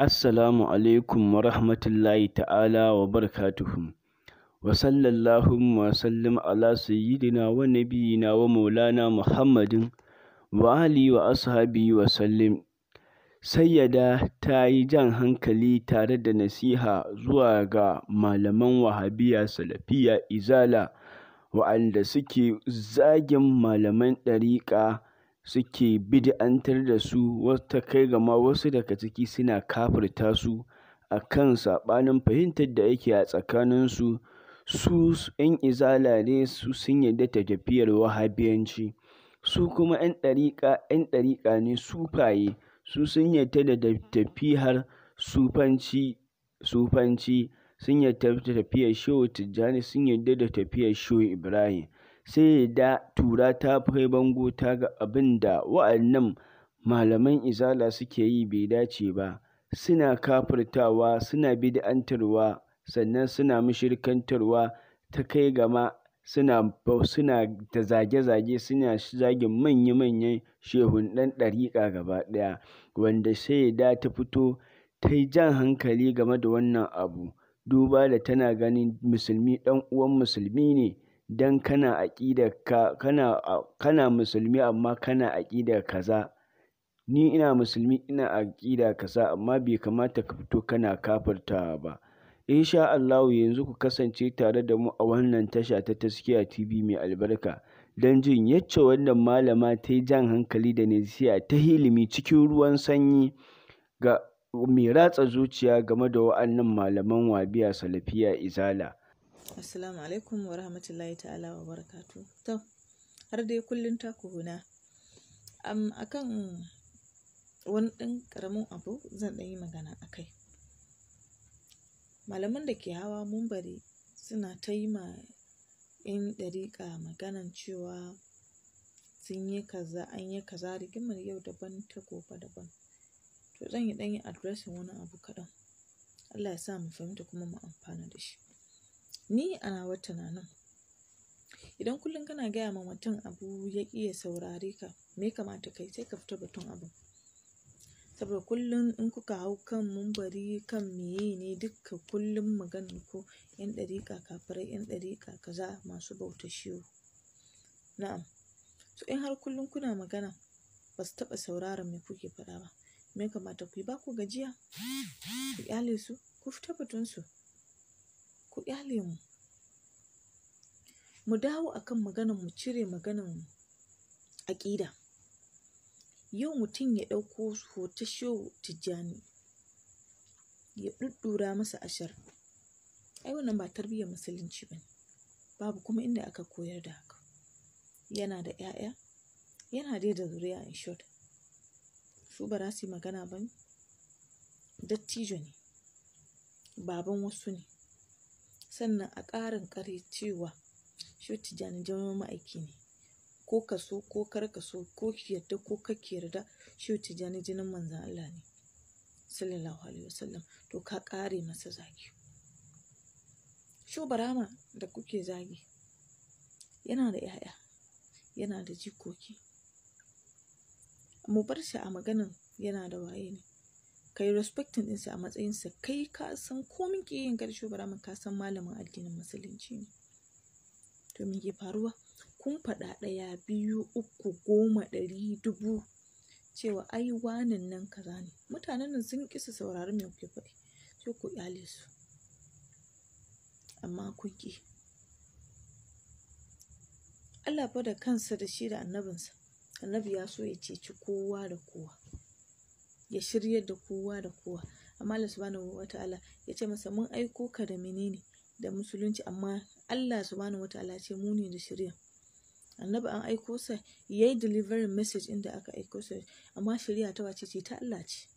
Assalamu alaikum wa rahmatullahi ta'ala wa barakatuhu. Wa sallallahu wa sallam ala sayyidina wa nabiyina wa maulana Muhammadin wa ali wa ashabi wa sallim. Sayyada ta yi jan hankali tare da nasiha zuwa ga malaman wahabiya salafiya izala wa'anda suke zagin malaman ɗariƙa suke bid'antar da su ta kai ga ma wasu daga ciki suna kafirta su a kan saɓanin fahimtar da yake a tsakaninsu su 'yan izala ne su sun yarda da tafiyar wahabiyanci su kuma 'yan ɗariƙa 'yan ɗariƙa ne sufaye su sun yarda da tafiyar sufanci sun yarda da tafiyar shehu tijjani sun yarda da tafiyar shehu ibrahim sai da tura ta kai bango ta ga abin da wa'annan malaman izala suke yi bai dace ba, suna kafirtawa, suna bid'antarwa, sannan suna mushirkantarwa ta kai gama, suna suna da zage-zage suna zagin manya-manyan ɗan ɗariƙa gaba ɗaya, wanda sai da ta fito ta yi jan hankali game da wannan abu, duba da tana ganin musulmi ɗan uwan musulmi ne. dan kana aƙidar ka kana kana musulmi amma kana aƙidar kaza ni ina musulmi ina aƙida kaza amma bai kamata ka fito kana kafirtawa ba insha Allahu yanzu ku kasance tare da mu a wannan tasha ta taskiya TV mai albarka don jin yacce wannan malama ta yi jan hankali da nasiha ta hilimi cikin ruwan sanyi ga mai ratsa zuciya game da wa'annan malaman wabiya salafiya izala Assalamu alaikum wa rahmatullahi ta'ala wa barakatu. To, har dai kullum ta huna. Um, a kan wani ɗan ƙaramin abu zan ɗan yi magana a kai. Malaman da ke hawa mumbari suna ta yi ma 'yan ɗariƙa maganan cewa sun yi kaza an yi kaza rigimar yau daban ta gobe daban. To zan yi ɗan yi addressing wani abu kaɗan. Allah ya sa mu fahimta kuma mu amfana da shi. Ni a nawa tunanin idan kullum kana gaya ma mutum abu ya ƙi ya saurare ka, me kamata ka Sai ka fita batun abin. Saboda kullum in kuka hau kan mumbari kan meye ne duka kullum maganar ku 'yan ɗariƙa kafirai, 'yan ɗariƙa kaza masu bauta shehu. Na'am. To in har kullum kuna magana ba su taɓa sauraron me kuke faɗa ba, me ya kamata ku yi? Ba ku gajiya? Ku ƙyale su, ku fita batun su. ku ƙyale mu. Mu dawo a kan maganan mu cire maganan aƙida. Yau mutum ya ɗauko hoton Shehu Tijjani ya ɗuɗɗura masa ashar. Ai wannan ba tarbiyyar musulunci ba babu kuma inda aka koyar da haka. Yana da ‘ya'ya, yana dai da zuriya in short. Su ba za su yi magana ba ne? Dattijo ne, baban wasu ne. sannan a ƙarin ƙari cewa shi tijjani wani ma'aiki ne ko ka so ko kar ka so ko ki yarda ko kake yarda shi tijjani jinin manzan Allah ne sallallahu alaihi wasallam to ka ƙare masa zagi shi barama da kuke zagi yana da 'ya'ya yana da jikoki mu bar shi a maganin yana da waye ne ka yi respecting ɗinsa a matsayinsa kai ka san komin yin ka bara mu ka san malamin addinin musulunci ne to me ke faruwa kun faɗa ɗaya biyu uku goma ɗari dubu cewa ai wanin nan kaza ne mutanen nan sun kisa saurari me kuke faɗi sai ku ƙyale su amma kun ƙi Allah fa da kansa da shi da annabinsa annabi ya so ya ceci kowa da kowa ya shiryar da kowa da kowa amma Allah subhanahu wataala ya ce masa mun aiko ka da menene da musulunci amma Allah subhanahu wataala ce mu ne da shirya annabi an aiko sa yayi delivery message inda aka aiko sa amma shirya ta wace ce ta Allah ce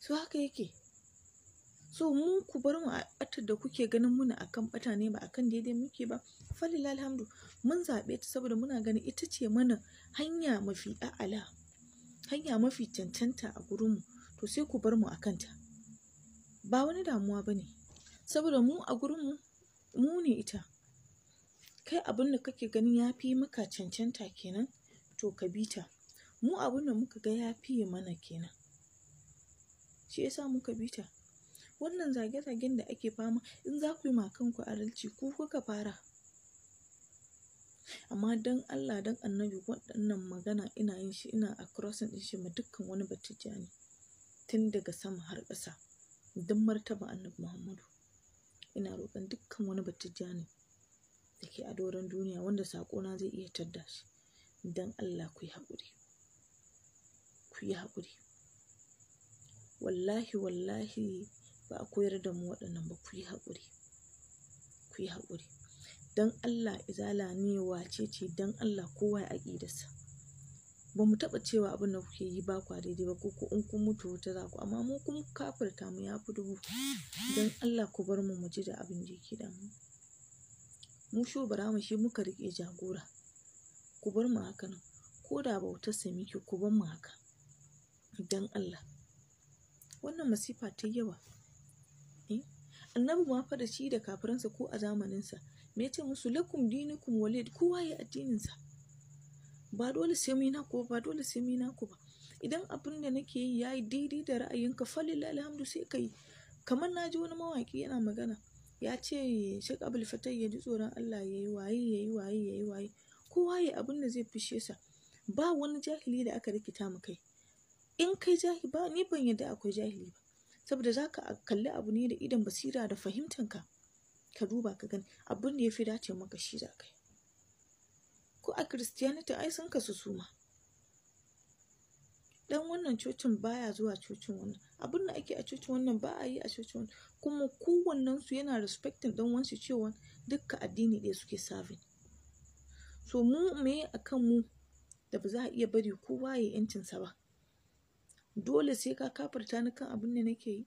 so haka yake so mu ku bar mu a batar da kuke ganin muna akan bata ne ba akan daidai muke ba falilal alhamdu mun zabe ta saboda muna ganin ita ce mana hanya mafi a'ala hanya mafi cancanta a gurinmu to sai ku bar mu a kanta ba wani damuwa ba ne saboda mu a gurinmu mu ne ita kai abin da kake ganin ya fi maka cancanta kenan to ka bi ta mu abin muka ga ya fiye mana kenan shi yasa muka bi ta wannan zage-zagen da ake fama in za ku yi ma kanku adalci ku kuka fara Amma don Allah don annabi waɗannan magana ina yin shi ina a crossing ɗin shi ma dukkan wani batijani tun daga sama har ƙasa. Don martaba Annabi Muhammadu ina roƙon dukkan wani battijani da ke a doron duniya wanda saƙona zai iya tadda shi. Don Allah ku yi haƙuri, ku yi haƙuri. Wallahi wallahi ba a koyar da mu waɗannan ba ku yi haƙuri, ku yi haƙuri. don Allah izala ne wace ce don Allah kowa ya aƙidarsa ba mu taɓa cewa abin da kuke yi ba kwa daidai ba ko in kun mutu wuta za ku amma mu kun kafirta mu ya fi dubu don Allah ku bar mu muji da abin da yake da mu mu sho bara mu shi muka rike jagora ku bar mu haka nan ko da bauta sai miki ku bar mu haka don Allah wannan masifa ta yawa eh? annabi ma fa da shi da kafiransa ko a zamaninsa me yace musu lakum dinukum walid kowa ya addininsa ba dole sai mu yi ko ba dole sai mu yi ko ba idan abin da nake yi yayi daidai da ra'ayinka falilla alhamdu sai ka kamar na ji wani mawaki yana magana ya ce shi kabul fatai ya ji tsoron Allah ya yi waye ya yi waye ya yi waye kowa ya abin da zai fishe sa ba wani jahili da aka rikita mu kai in kai jahili ba ni ban yadda akwai jahili ba saboda zaka kalli abu ne da idan basira da fahimtanka ka duba ka gani abin da ya fi dace maka shi da kai. ko a christianity ai sun kasu suma dan wannan cocin baya zuwa cocin wannan abin da ake a cocin wannan ba a yi a cocin wannan kuma kowannen su yana respecting dan wansu cewa dukka addini ɗaya suke serving so mu me akan mu da ba za a iya bari kowa ya yi yancinsa ba dole sai ka kafarta ni kan abin da nake yi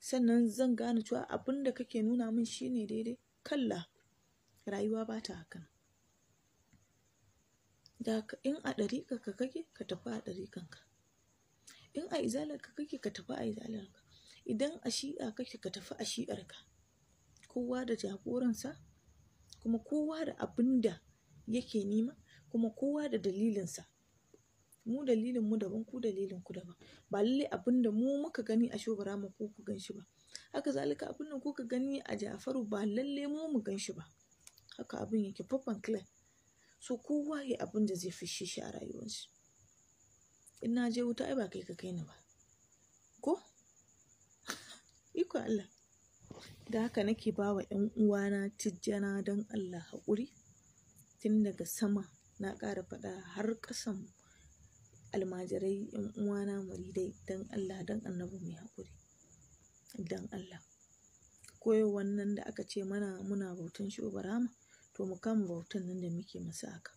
sannan zan gane cewa abin da kake nuna min shine daidai kalla rayuwa ba ta hakan da in a ɗariƙa ka kake ka tafi a ɗariƙanka in a izalar ka kake ka tafi a izalarka idan a shi'a kake ka tafi a shi'arka kowa da jagoransa kuma kowa da abin da yake nima kuma kowa da dalilinsa mu dalilin mu daban ku dalilin ku daban ba lalle abin da mu muka gani a shobarama ko ku gan ba haka zalika abin da kuka gani a Ja'faru ba lalle mu mu gan ba haka abin yake faffan clear so kowa ya abin da zai fishe shi a rayuwarsa in na je wuta ai ba kai ka kai ni ba ko iko Allah da haka nake ba wa ‘yan uwana tijjana don Allah haƙuri tun daga sama na ƙara faɗa har ƙasan almajirai yan uwana muridai dan Allah don annabi mai haƙuri dan Allah koyarwar wannan da aka ce mana muna bautan shobarama to mu kama bautan nan da muke masa aka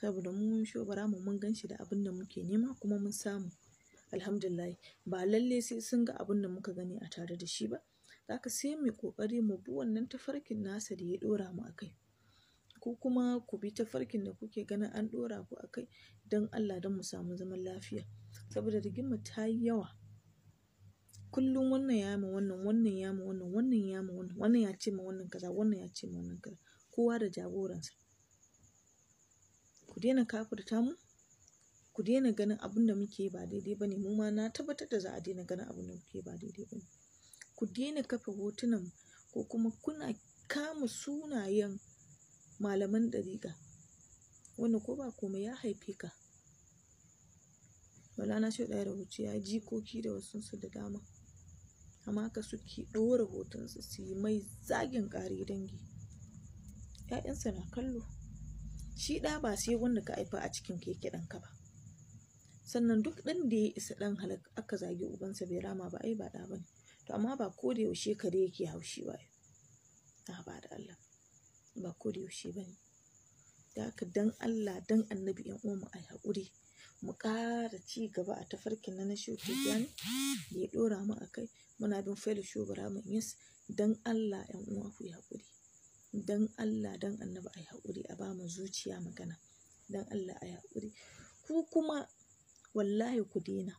saboda mu shobarama mun gan shi da abin da muke nema kuma mun samu alhamdulillah ba lalle sai sun ga abin da muka gani a tare da shi ba zaka sai mu kokari mu bi wannan tafarkin nasa da ya ɗora mu akai ku kuma ku bi tafarkin da kuke ganin an ɗora ku a kai don Allah don mu samu zaman lafiya saboda rigima ta yi yawa kullum wannan ya ma wannan wannan ya ma wannan wannan ya mu wannan wannan ya ce ma wannan kaza wannan ya ce ma wannan kaza kowa da jagoransa ku daina kafirta mu ku daina ganin abin da muke ba daidai ba ne mu ma na tabbatar da za a daina ganin abin da muke ba daidai ba ne ku daina kafa hotunan ko kuma kuna kama sunayen malaman ɗariƙa. wanda ko ba komai ya haife ka. Maulana Shehu Ɗahir Bauchi ya yi jikoki da wasunsu da dama. Amma ka suke ɗora hotonsu su yi mai zagin ƙari dangi. ‘Ya'yansa na kallo. Shi ɗa ba sai wanda ka haifa a cikin keke ɗanka ba. Sannan duk ɗan da ya isa ɗan halak aka zagi ubansa bai rama ba ai ba ɗa ba ne. To amma ba ko da yaushe kare yake haushi ba. Na ba da Allah. ba ko da yaushe ba ne. Da haka dan Allah, dan annabi 'yan uwa mu ayi haƙuri, mu ƙara ci gaba a tafarkin na Shehu Tijjani da ya ɗora mu a kai. Muna bin Fellow Shehu Ibrahim Inyas, Dan Allah 'yan uwa ku yi haƙuri. Dan Allah, dan annabi ayi haƙuri a ba mu zuciya magana. Dan Allah ayi haƙuri. Ku kuma wallahi ku dena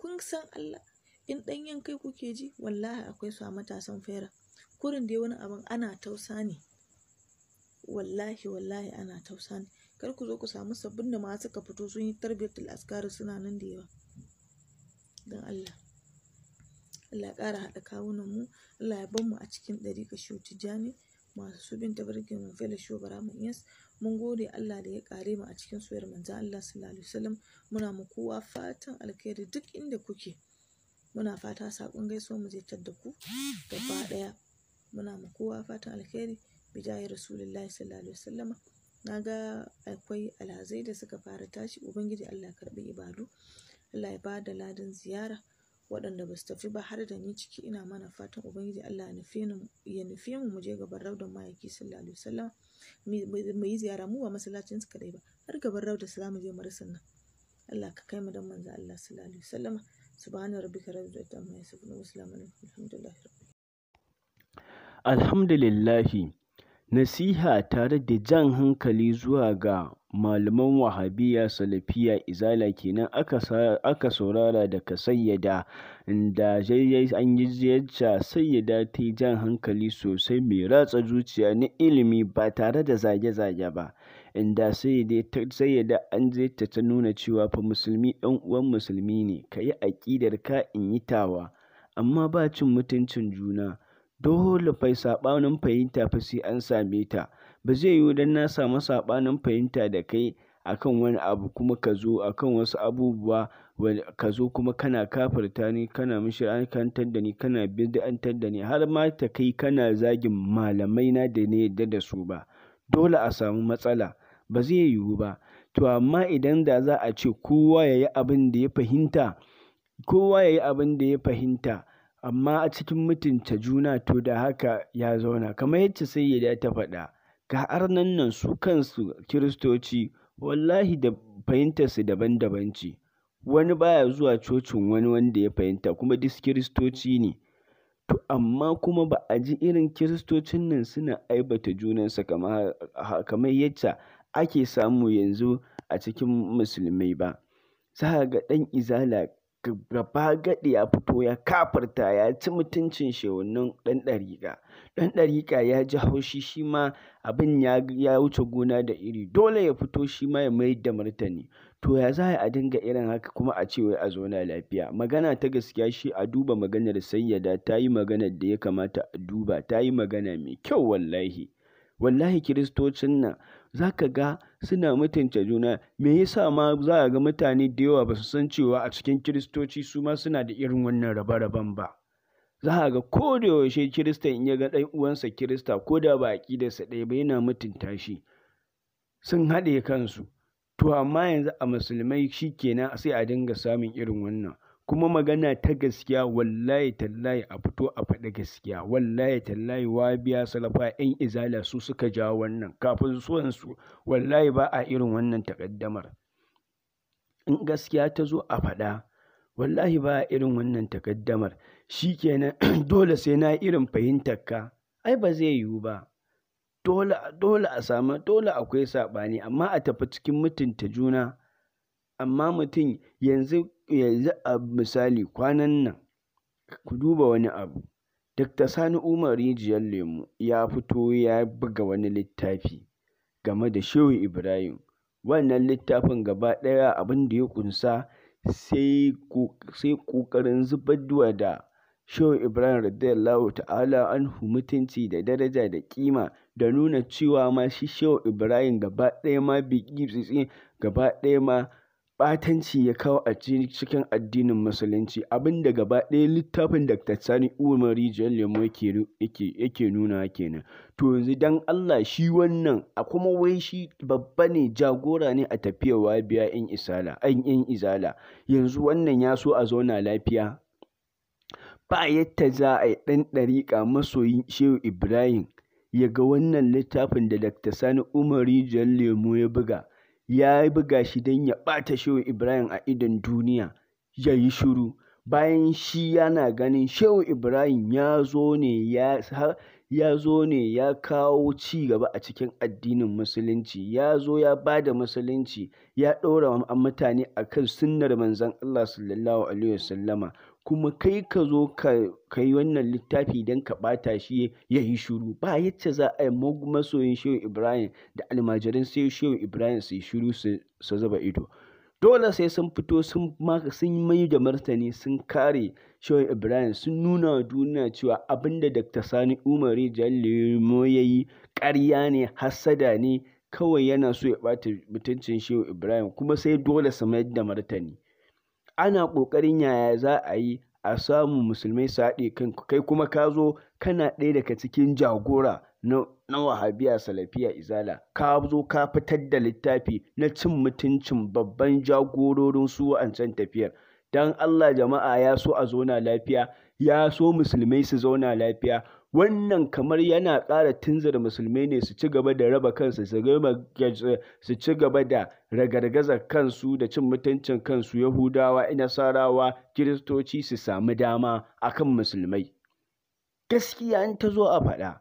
Kun san Allah, in ɗanyen kai kuke ji, wallahi akwai su a matasan fera. Kurin dai wani abin ana tausa ne. wallahi wallahi ana tausa ne kar ku zo ku samu sabbin da ma suka fito sun yi tarbiyatul askari suna nan da yawa don Allah Allah ya ƙara haɗa kawunan mu Allah ya bar mu a cikin ɗari ka shi tijani masu subin bin mu fela shi bara mu yes mun gode Allah da ya ƙare mu a cikin soyar manzan Allah sallallahu alaihi wasallam muna mu kowa fatan alkhairi duk inda kuke muna fata saƙon gaisuwa mu je da ku gaba ɗaya muna mu kowa fatan alkhairi bijahi rasulullahi sallallahu alaihi wasallam na ga akwai alhazai da suka fara tashi ubangiji allah karbi ibadu allah ya bada ladan ziyara waɗanda ba su tafi ba har da ni ciki ina mana fatan ubangiji allah ya nufi mu mu je gaban raudan mayaki sallallahu alaihi wasallam mu yi ziyara mu ba masallacin su kadai ba har gaban raudan salamu je marisan nan allah ka kai mu dan manzo allah sallallahu alaihi wasallam subhana rabbika rabbil izzati amma yasifun wa salamun alhamdulillahi alhamdulillahi Nasiha tare da jan hankali zuwa ga malaman Wahabiyya, Salafiya Izala kenan aka saurara daga Sayyada, inda yi yacce Sayyada ta yi jan hankali sosai mai ratsa zuciya na ilimi ba tare da zage-zage ba, inda Sayyada an zai ta nuna cewa fa musulmi ɗan uwan musulmi ne, ka yi ka in yi tawa, amma ba cin mutuncin juna. Dole fa saɓanin fahimta fa sai an same ta. Ba zai yiwu dan na samu saɓanin fahimta da kai akan wani abu kuma ka zo akan wasu abubuwa ka zo kuma kana kafirta ni, kana kantar da ni, kana bid'antar da ni har ma ta kai kana zagin malamai na da na yadda da su ba. Dole a samu matsala. Ba zai yiwu ba. To amma idan da za a ce kowa ya yi abin da ya fahimta, kowa ya yi abin da ya fahimta amma a cikin mutunta juna to da haka ya zauna kamar yadda sayyida ta faɗa ga arnan nan su kansu kiristoci wallahi da fahimtarsu daban-daban ce wani baya zuwa cocin wani wanda ya fahimta kuma duk kiristoci ne to amma kuma ba a ji irin kiristocin nan suna aibata junansa kamar yadda ake samu yanzu a cikin musulmai ba za ga ɗan izala gaba gaɗi ya fito ya kafarta ya ci mutuncin shewannin ɗan ɗariƙa. Ɗan ɗariƙa ya ji haushi shi ma abin ya wuce gona da iri dole ya fito shi ma ya mai da martani. To ya za a dinga irin haka kuma a ce wai a zauna lafiya. Magana ta gaskiya shi a duba maganar sayyada ta yi maganar da ya kamata a duba ta yi magana mai kyau wallahi. wallahi kiristocin nan za ka ga suna mutunta juna me yasa ma za a ga mutane da yawa ba su san cewa a cikin kiristoci su ma suna da irin wannan rabe-raben ba za a ga ko da yaushe kirista in ya ga ɗan uwansa kirista ko da ba a sa ɗaya ba yana mutunta shi sun haɗe kansu to amma yanzu a musulmai shi kenan sai a dinga samun irin wannan kuma magana ta gaskiya wallahi tallahi a fito a faɗi gaskiya wallahi tallahi biya salafa yan izala su suka ja wannan kafin su su wallahi ba a irin wannan takaddamar in gaskiya ta zo a faɗa wallahi ba a irin wannan takaddamar shikenan dole sai na irin fahimtar ka ai ba zai yiwu ba dole dole a samu dole akwai saɓani amma a tafi cikin mutunta juna amma mutum yanzu yanzu a misali kwanan nan ku duba wani abu Dr. Sani Umar Rijiyar lemu ya fito ya buga wani littafi game da Shehu Ibrahim. Wannan littafin gaba ɗaya abin da ya kunsa sai ƙoƙarin duwa da Shehu Ibrahim radiyallahu ta'ala anhu mutunci da daraja da kima da nuna cewa ma shi Shehu Ibrahim gaba ɗaya ma biki gaba ɗaya ma ɓatanci ya kawo a cikin addinin Musulunci, abin da gaba ɗaya littafin Dr. Sani Umar Rijiyar Lemo yake nuna kenan. To yanzu dan Allah shi wannan a kuma wai shi babba ne jagora ne a tafiyar wabiya 'yan izala, yanzu wannan ya so a zauna lafiya. Ba yadda za a yi ɗan ɗariƙa masoyin Shehu Ibrahim ya ga wannan littafin da Dr. Sani Umar Rijiyar Lemo ya buga. ya buga shi don ya ɓata Shehu Ibrahim a idon duniya ya yi shiru bayan shi yana ganin Shehu Ibrahim ya zo ne ya kawo ci gaba a cikin addinin musulunci ya zo ya ba da musulunci ya ɗora mutane a kan sunnar manzon Allah sallallahu alaihi wasallama kuma kai ka zo ka yi wannan littafi don ka ɓata shi ya yi shiru ba yadda za a yi masoyin shehu ibrahim da almajirin sai shehu ibrahim su yi shiru su zuba ido dole sai sun fito sun yi mai da martani sun kare shehu ibrahim sun nuna wa duniya cewa abinda dr sani umari jallimo ya yi ƙarya ne hasada ne kawai yana so ya bata mutuncin shehu ibrahim kuma sai dole su mayar da martani ana ƙoƙarin yaya za a yi a samu musulmai su haɗe kan kai kuma ka zo kana ɗaya daga cikin jagora na na wahabiya salafiya izala ka zo ka fitar da littafi na cin mutuncin babban jagororin su can tafiyar dan Allah jama'a ya so a zauna lafiya ya so musulmai su zauna lafiya Wannan kamar yana ƙara tunzura Musulmai ne su ci gaba da raba kansu, su ci gaba da ragargazar kansu da cin mutuncin kansu Yahudawa, Nasarawa, Kiristoci su samu dama akan Musulmai. Gaskiya in ta zo a faɗa.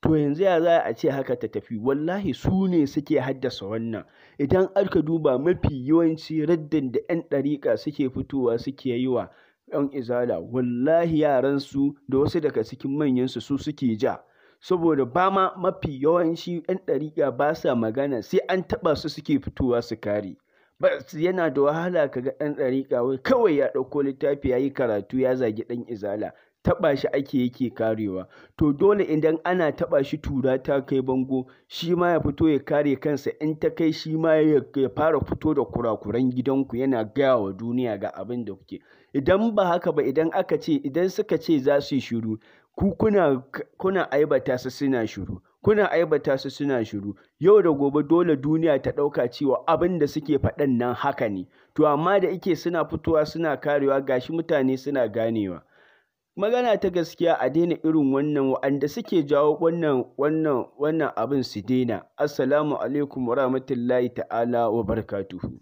to yanzu ya za a ce haka ta tafi wallahi su ne suke haddasa wannan idan aka duba mafi yawanci raddin da 'yan ɗariƙa suke fitowa suke yiwa. 'yan izala wallahi yaransu da wasu daga cikin manyansu su suke ja saboda ba ma mafi yawanci 'yan ɗariƙa ba sa magana sai an taɓa su suke fitowa su kare Bas yana da wahala ka ga ɗan ɗariƙa kawai ya ɗauko littafi ya yi karatu ya zagi ɗan izala taɓa shi ake yake karewa to dole idan ana taɓa shi tura ta kai bango shi ma ya fito ya kare kansa in ta kai shi ma ya fara fito da kurakuran gidanku yana gaya wa duniya ga abin da kuke idan ba haka ba idan aka ce idan suka ce za su yi shiru ku kuna kuna aibata su suna shiru kuna aibata su suna shiru yau da gobe dole duniya ta ɗauka cewa abin da suke faɗan nan haka ne to amma da ike suna fitowa suna karewa gashi mutane suna ganewa Magana ta gaskiya a daina irin wannan waɗanda suke jawo wannan wannan abin su daina. Assalamu alaikum warahmatullahi ta'ala wa barkatuhu